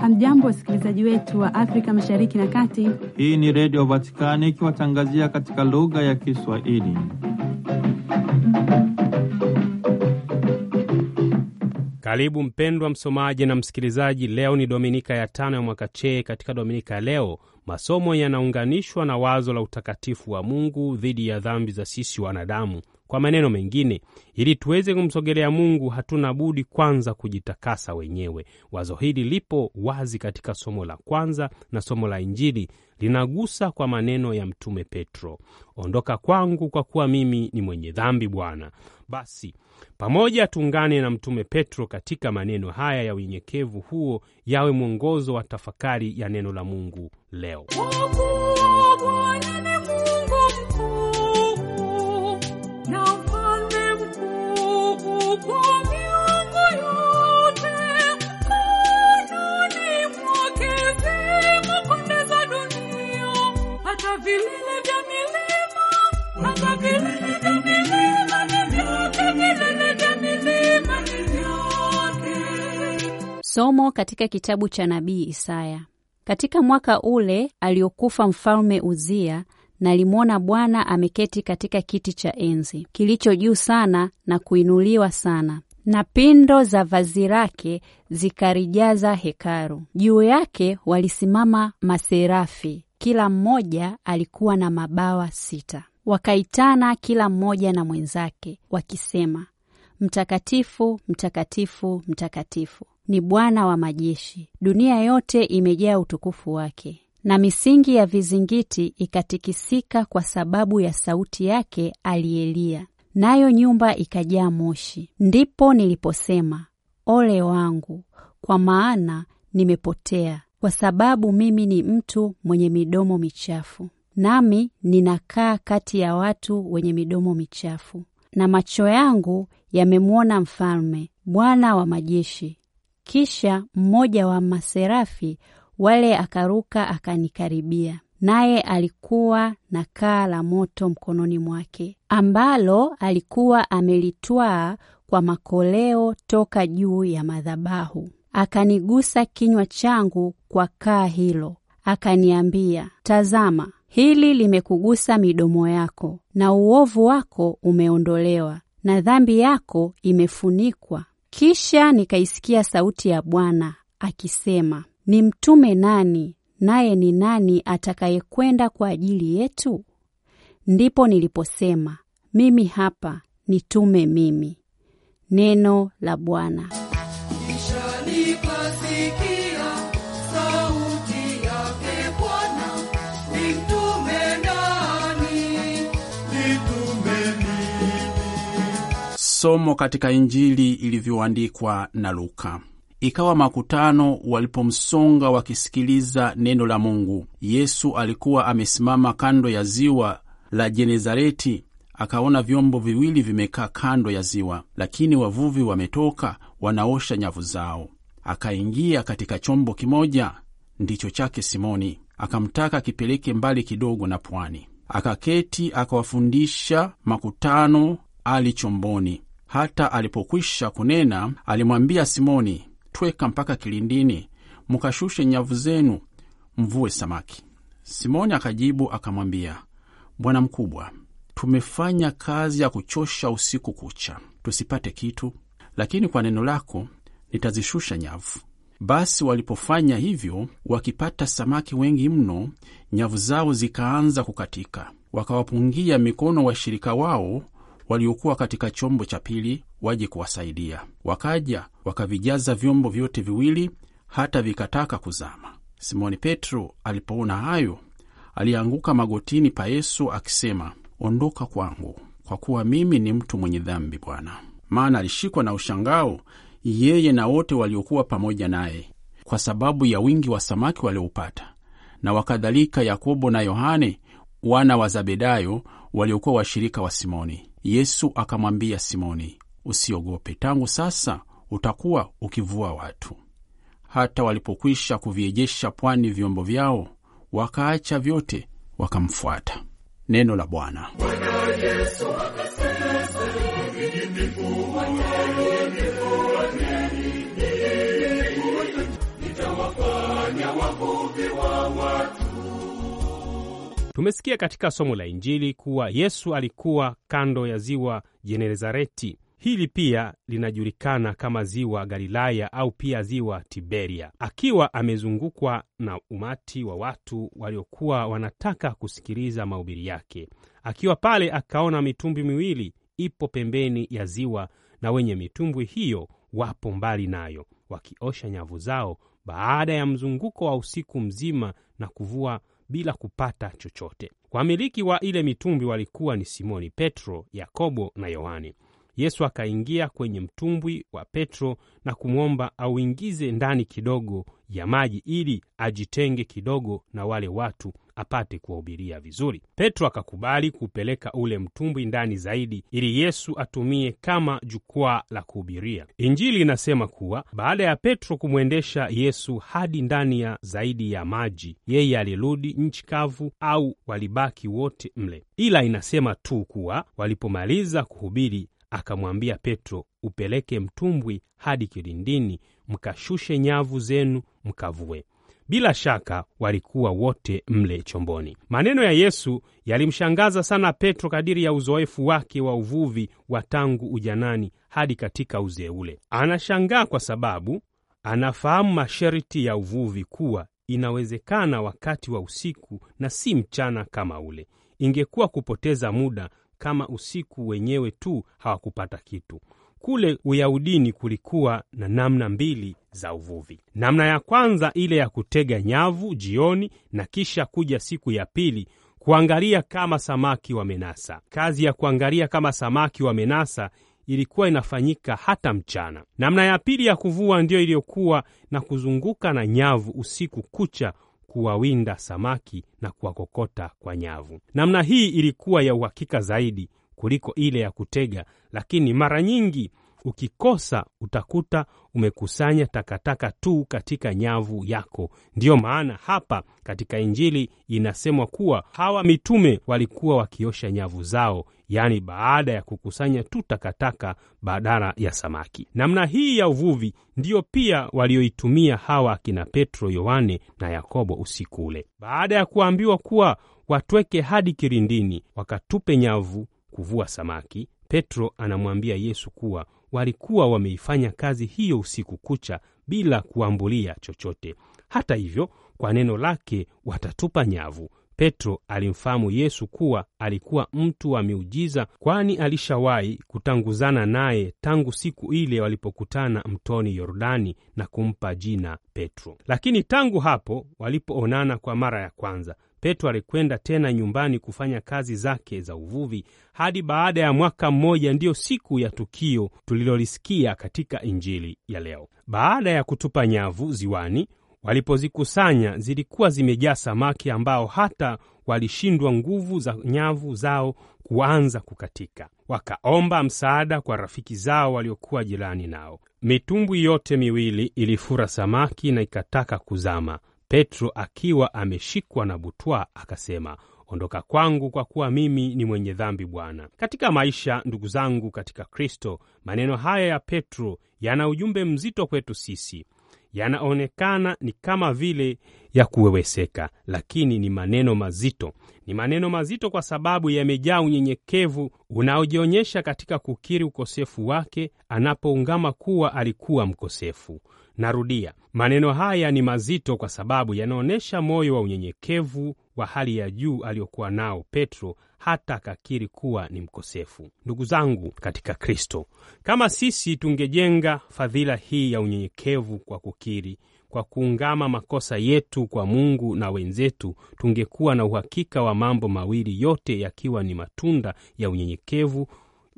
Hamjambo, wasikilizaji wetu wa Afrika mashariki na kati. Hii ni Redio Vatikani ikiwatangazia katika lugha ya Kiswahili. Karibu mpendwa msomaji na msikilizaji. Leo ni dominika ya tano ya mwaka chee. Katika dominika ya leo Masomo yanaunganishwa na wazo la utakatifu wa Mungu dhidi ya dhambi za sisi wanadamu. Kwa maneno mengine, ili tuweze kumsogelea Mungu hatuna budi kwanza kujitakasa wenyewe. Wazo hili lipo wazi katika somo la kwanza na somo la Injili linagusa kwa maneno ya Mtume Petro, ondoka kwangu, kwa kuwa mimi ni mwenye dhambi, Bwana. Basi pamoja tuungane na Mtume Petro katika maneno haya ya unyenyekevu huo, yawe mwongozo wa tafakari ya neno la Mungu leo. Somo katika kitabu cha nabii Isaya. Katika mwaka ule aliokufa mfalme Uzia, nalimwona Bwana ameketi katika kiti cha enzi kilicho juu sana na kuinuliwa sana, na pindo za vazi lake zikarijaza hekalu. Juu yake walisimama maserafi, kila mmoja alikuwa na mabawa sita. Wakaitana kila mmoja na mwenzake wakisema, mtakatifu, mtakatifu, mtakatifu ni Bwana wa majeshi, dunia yote imejaa utukufu wake. Na misingi ya vizingiti ikatikisika kwa sababu ya sauti yake aliyelia, nayo nyumba ikajaa moshi. Ndipo niliposema, ole wangu, kwa maana nimepotea, kwa sababu mimi ni mtu mwenye midomo michafu, nami ninakaa kati ya watu wenye midomo michafu, na macho yangu yamemwona Mfalme, Bwana wa majeshi. Kisha mmoja wa maserafi wale akaruka akanikaribia, naye alikuwa na kaa la moto mkononi mwake, ambalo alikuwa amelitwaa kwa makoleo toka juu ya madhabahu. Akanigusa kinywa changu kwa kaa hilo, akaniambia, tazama, hili limekugusa midomo yako, na uovu wako umeondolewa na dhambi yako imefunikwa. Kisha nikaisikia sauti ya Bwana akisema, ni mtume nani? Naye ni nani atakayekwenda kwa ajili yetu? Ndipo niliposema, mimi hapa, nitume mimi. Neno la Bwana. somo katika Injili ilivyoandikwa na Luka. Ikawa makutano walipomsonga wakisikiliza neno la Mungu, Yesu alikuwa amesimama kando ya ziwa la Genezareti. Akaona vyombo viwili vimekaa kando ya ziwa, lakini wavuvi wametoka, wanaosha nyavu zao. Akaingia katika chombo kimoja, ndicho chake Simoni, akamtaka kipeleke mbali kidogo na pwani. Akaketi akawafundisha makutano ali chomboni, hata alipokwisha kunena, alimwambia Simoni, tweka mpaka kilindini, mkashushe nyavu zenu, mvue samaki. Simoni akajibu akamwambia, Bwana mkubwa, tumefanya kazi ya kuchosha usiku kucha, tusipate kitu, lakini kwa neno lako nitazishusha nyavu. Basi walipofanya hivyo, wakipata samaki wengi mno, nyavu zao zikaanza kukatika. Wakawapungia mikono washirika wao waliokuwa katika chombo cha pili waje kuwasaidia. Wakaja wakavijaza vyombo vyote viwili, hata vikataka kuzama. Simoni Petro alipoona hayo, alianguka magotini pa Yesu akisema, ondoka kwangu, kwa kuwa mimi ni mtu mwenye dhambi, Bwana. Maana alishikwa na ushangao, yeye na wote waliokuwa pamoja naye, kwa sababu ya wingi wa samaki walioupata, na wakadhalika Yakobo na Yohane wana wa Zebedayo waliokuwa washirika wa Simoni. Yesu akamwambia Simoni, usiogope, tangu sasa utakuwa ukivua watu. Hata walipokwisha kuviejesha pwani vyombo vyao, wakaacha vyote, wakamfuata. Neno la Bwana. Bwana Yesu akasema, Tumesikia katika somo la Injili kuwa Yesu alikuwa kando ya ziwa Jenerezareti. Hili pia linajulikana kama ziwa Galilaya au pia ziwa Tiberia, akiwa amezungukwa na umati wa watu waliokuwa wanataka kusikiliza mahubiri yake. Akiwa pale, akaona mitumbwi miwili ipo pembeni ya ziwa, na wenye mitumbwi hiyo wapo mbali nayo wakiosha nyavu zao baada ya mzunguko wa usiku mzima na kuvua bila kupata chochote. Wamiliki wa ile mitumbi walikuwa ni Simoni Petro, Yakobo na Yohane. Yesu akaingia kwenye mtumbwi wa Petro na kumwomba auingize ndani kidogo ya maji ili ajitenge kidogo na wale watu apate kuwahubiria vizuri. Petro akakubali kupeleka ule mtumbwi ndani zaidi ili Yesu atumie kama jukwaa la kuhubiria Injili. Inasema kuwa baada ya Petro kumwendesha Yesu hadi ndani ya zaidi ya maji, yeye alirudi nchi kavu au walibaki wote mle, ila inasema tu kuwa walipomaliza kuhubiri akamwambia Petro, upeleke mtumbwi hadi kilindini, mkashushe nyavu zenu mkavue. Bila shaka walikuwa wote mle chomboni. Maneno ya Yesu yalimshangaza sana Petro kadiri ya uzoefu wake wa uvuvi wa tangu ujanani hadi katika uzee ule. Anashangaa kwa sababu anafahamu masharti ya uvuvi kuwa inawezekana wakati wa usiku na si mchana kama ule. Ingekuwa kupoteza muda kama usiku wenyewe tu hawakupata kitu. Kule Uyahudini kulikuwa na namna mbili za uvuvi. Namna ya kwanza ile ya kutega nyavu jioni na kisha kuja siku ya pili kuangalia kama samaki wamenasa. Kazi ya kuangalia kama samaki wamenasa ilikuwa inafanyika hata mchana. Namna ya pili ya kuvua ndiyo iliyokuwa na kuzunguka na nyavu usiku kucha kuwawinda samaki na kuwakokota kwa nyavu. Namna hii ilikuwa ya uhakika zaidi kuliko ile ya kutega, lakini mara nyingi Ukikosa utakuta umekusanya takataka tu katika nyavu yako. Ndiyo maana hapa katika Injili inasemwa kuwa hawa mitume walikuwa wakiosha nyavu zao, yaani baada ya kukusanya tu takataka badala ya samaki. Namna hii ya uvuvi ndiyo pia walioitumia hawa akina Petro, Yohane na Yakobo usiku ule. Baada ya kuambiwa kuwa watweke hadi kirindini, wakatupe nyavu kuvua samaki. Petro anamwambia Yesu kuwa walikuwa wameifanya kazi hiyo usiku kucha bila kuambulia chochote. Hata hivyo, kwa neno lake watatupa nyavu. Petro alimfahamu Yesu kuwa alikuwa mtu wa miujiza, kwani alishawahi kutanguzana naye tangu siku ile walipokutana mtoni Yordani na kumpa jina Petro. Lakini tangu hapo walipoonana kwa mara ya kwanza, Petro alikwenda tena nyumbani kufanya kazi zake za uvuvi hadi baada ya mwaka mmoja, ndiyo siku ya tukio tulilolisikia katika Injili ya leo. Baada ya kutupa nyavu ziwani, walipozikusanya zilikuwa zimejaa samaki ambao hata walishindwa nguvu za nyavu zao kuanza kukatika. Wakaomba msaada kwa rafiki zao waliokuwa jirani nao. Mitumbwi yote miwili ilifura samaki na ikataka kuzama, Petro akiwa ameshikwa na butwa akasema, Ondoka kwangu, kwa kuwa mimi ni mwenye dhambi, Bwana. Katika maisha, ndugu zangu katika Kristo, maneno haya ya Petro yana ujumbe mzito kwetu sisi. Yanaonekana ni kama vile ya kuweweseka, lakini ni maneno mazito. Ni maneno mazito kwa sababu yamejaa unyenyekevu unaojionyesha katika kukiri ukosefu wake, anapoungama kuwa alikuwa mkosefu. Narudia, maneno haya ni mazito kwa sababu yanaonyesha moyo wa unyenyekevu wa hali ya juu aliyokuwa nao Petro, hata akakiri kuwa ni mkosefu. Ndugu zangu katika Kristo, kama sisi tungejenga fadhila hii ya unyenyekevu kwa kukiri, kwa kuungama makosa yetu kwa Mungu na wenzetu, tungekuwa na uhakika wa mambo mawili, yote yakiwa ni matunda ya unyenyekevu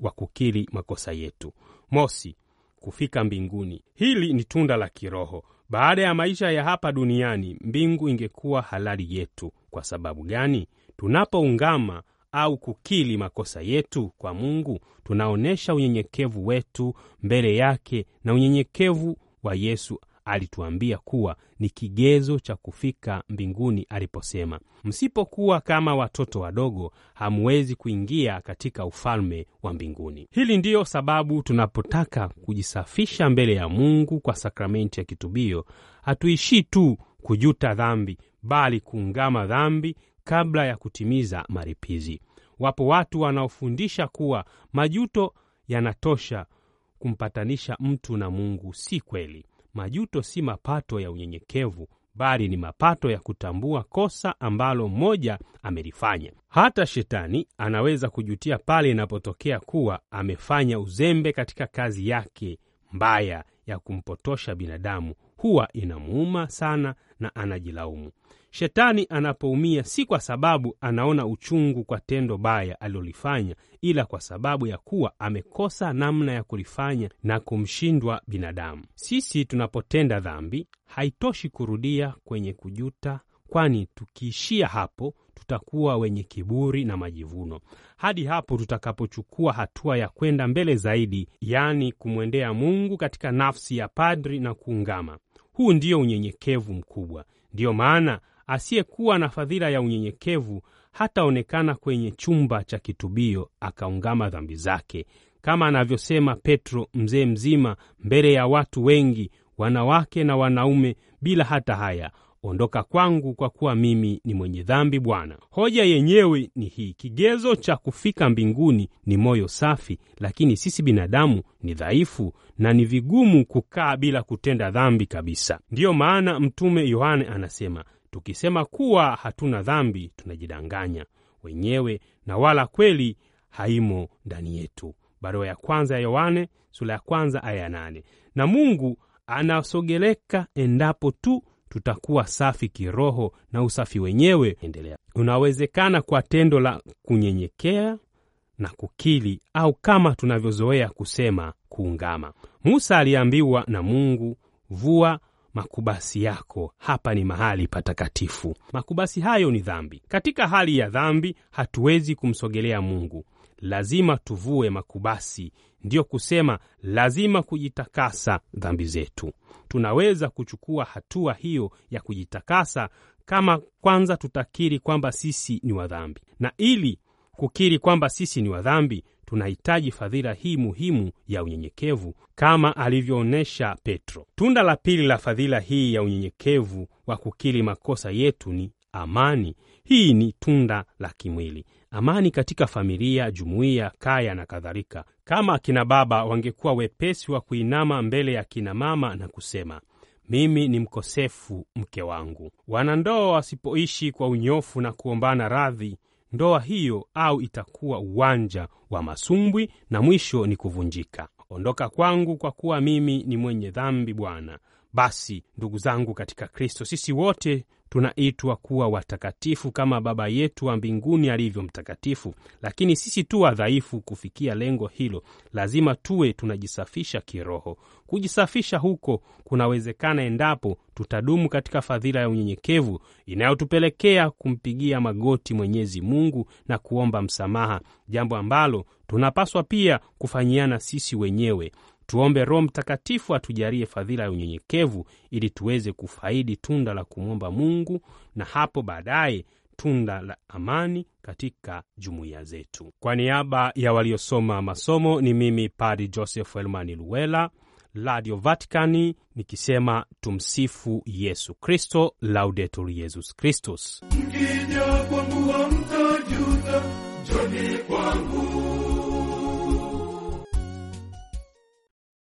wa kukiri makosa yetu. Mosi, kufika mbinguni. Hili ni tunda la kiroho. Baada ya maisha ya hapa duniani, mbingu ingekuwa halali yetu. Kwa sababu gani? Tunapoungama au kukili makosa yetu kwa Mungu, tunaonyesha unyenyekevu wetu mbele yake na unyenyekevu wa Yesu alituambia kuwa ni kigezo cha kufika mbinguni aliposema, msipokuwa kama watoto wadogo hamwezi kuingia katika ufalme wa mbinguni. Hili ndiyo sababu tunapotaka kujisafisha mbele ya Mungu kwa sakramenti ya kitubio, hatuishii tu kujuta dhambi, bali kuungama dhambi kabla ya kutimiza maripizi. Wapo watu wanaofundisha kuwa majuto yanatosha kumpatanisha mtu na Mungu. Si kweli. Majuto si mapato ya unyenyekevu, bali ni mapato ya kutambua kosa ambalo mmoja amelifanya. Hata shetani anaweza kujutia pale inapotokea kuwa amefanya uzembe katika kazi yake mbaya ya kumpotosha binadamu huwa inamuuma sana na anajilaumu. Shetani anapoumia si kwa sababu anaona uchungu kwa tendo baya alilolifanya, ila kwa sababu ya kuwa amekosa namna ya kulifanya na kumshindwa binadamu. Sisi tunapotenda dhambi haitoshi kurudia kwenye kujuta, kwani tukiishia hapo tutakuwa wenye kiburi na majivuno hadi hapo tutakapochukua hatua ya kwenda mbele zaidi, yaani kumwendea Mungu katika nafsi ya padri na kuungama. Huu ndio unyenyekevu mkubwa. Ndiyo maana asiyekuwa na fadhila ya unyenyekevu hataonekana kwenye chumba cha kitubio akaungama dhambi zake, kama anavyosema Petro mzee mzima mbele ya watu wengi, wanawake na wanaume, bila hata haya Ondoka kwangu kwa kuwa mimi ni mwenye dhambi, Bwana. Hoja yenyewe ni hii: kigezo cha kufika mbinguni ni moyo safi, lakini sisi binadamu ni dhaifu na ni vigumu kukaa bila kutenda dhambi kabisa. Ndiyo maana Mtume Yohane anasema, tukisema kuwa hatuna dhambi tunajidanganya wenyewe na wala kweli haimo ndani yetu. Barua ya kwanza ya Yohane sura ya kwanza aya nane. Na Mungu anasogeleka endapo tu tutakuwa safi kiroho na usafi wenyewe endelea unawezekana kwa tendo la kunyenyekea na kukili au kama tunavyozoea kusema kuungama. Musa aliambiwa na Mungu, vua makubasi yako, hapa ni mahali patakatifu. Makubasi hayo ni dhambi. Katika hali ya dhambi, hatuwezi kumsogelea Mungu lazima tuvue makubasi, ndiyo kusema lazima kujitakasa dhambi zetu. Tunaweza kuchukua hatua hiyo ya kujitakasa kama kwanza tutakiri kwamba sisi ni wadhambi, na ili kukiri kwamba sisi ni wadhambi tunahitaji fadhila hii muhimu ya unyenyekevu kama alivyoonyesha Petro. Tunda la pili la fadhila hii ya unyenyekevu wa kukiri makosa yetu ni amani. Hii ni tunda la kimwili amani katika familia, jumuiya, kaya na kadhalika. Kama akina baba wangekuwa wepesi wa kuinama mbele ya akina mama na kusema mimi ni mkosefu, mke wangu. Wanandoa wasipoishi kwa unyofu na kuombana radhi, ndoa hiyo au itakuwa uwanja wa masumbwi na mwisho ni kuvunjika. Ondoka kwangu, kwa kuwa mimi ni mwenye dhambi, Bwana. Basi ndugu zangu katika Kristo, sisi wote tunaitwa kuwa watakatifu kama Baba yetu wa mbinguni alivyo mtakatifu. Lakini sisi tu wadhaifu kufikia lengo hilo, lazima tuwe tunajisafisha kiroho. Kujisafisha huko kunawezekana endapo tutadumu katika fadhila ya unyenyekevu inayotupelekea kumpigia magoti Mwenyezi Mungu na kuomba msamaha, jambo ambalo tunapaswa pia kufanyiana sisi wenyewe. Tuombe Roho Mtakatifu atujalie fadhila ya unyenyekevu ili tuweze kufaidi tunda la kumwomba Mungu na hapo baadaye tunda la amani katika jumuiya zetu. Kwa niaba ya waliosoma masomo, ni mimi Padi Joseph Elmani Luela, Radio Vaticani, nikisema tumsifu Yesu Kristo, Laudetur Yesus Kristus.